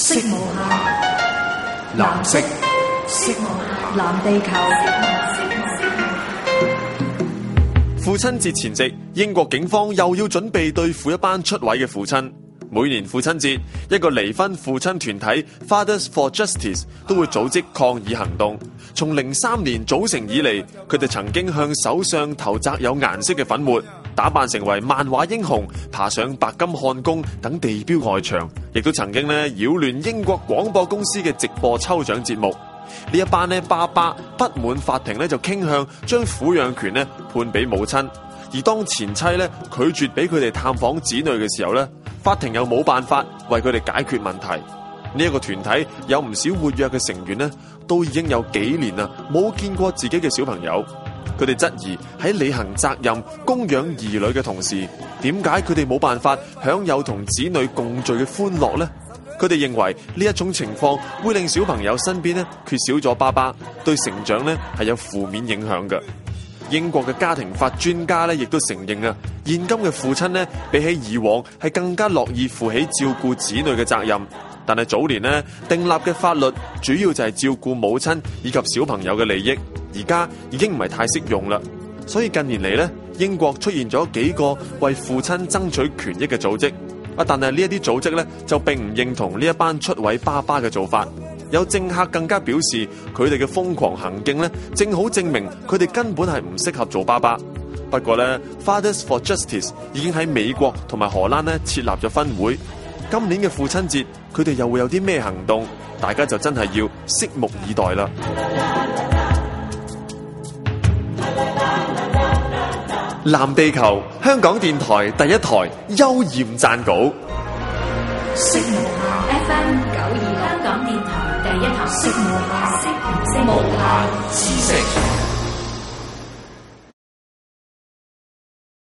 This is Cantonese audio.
色無限，藍色。色無限，下藍地球。父親節前夕，英國警方又要準備對付一班出位嘅父親。每年父親節，一個離婚父親團體 Fathers for Justice 都會組織抗議行動。從零三年組成以嚟，佢哋曾經向首相投擲有顏色嘅粉末。打扮成為漫畫英雄，爬上白金漢宮等地標外牆，亦都曾經咧擾亂英國廣播公司嘅直播抽獎節目。呢一班咧爸爸不滿法庭咧就傾向將撫養權咧判俾母親，而當前妻咧拒絕俾佢哋探訪子女嘅時候咧，法庭又冇辦法為佢哋解決問題。呢一個團體有唔少活躍嘅成員咧，都已經有幾年啦，冇見過自己嘅小朋友。佢哋質疑喺履行責任、供養兒女嘅同時，點解佢哋冇辦法享有同子女共聚嘅歡樂呢？佢哋認為呢一種情況會令小朋友身邊咧缺少咗爸爸，對成長咧係有負面影響嘅。英國嘅家庭法專家咧亦都承認啊，現今嘅父親咧比起以往係更加樂意負起照顧子女嘅責任，但係早年咧訂立嘅法律主要就係照顧母親以及小朋友嘅利益。而家已經唔係太適用啦，所以近年嚟咧，英國出現咗幾個為父親爭取權益嘅組織，啊，但係呢一啲組織咧就並唔認同呢一班出位爸爸嘅做法。有政客更加表示，佢哋嘅瘋狂行徑咧，正好證明佢哋根本係唔適合做爸爸。不過咧，Fathers for Justice 已經喺美國同埋荷蘭咧設立咗分會。今年嘅父親節，佢哋又會有啲咩行動？大家就真係要拭目以待啦。藍地球，香港電台第一台，邱焱撰稿。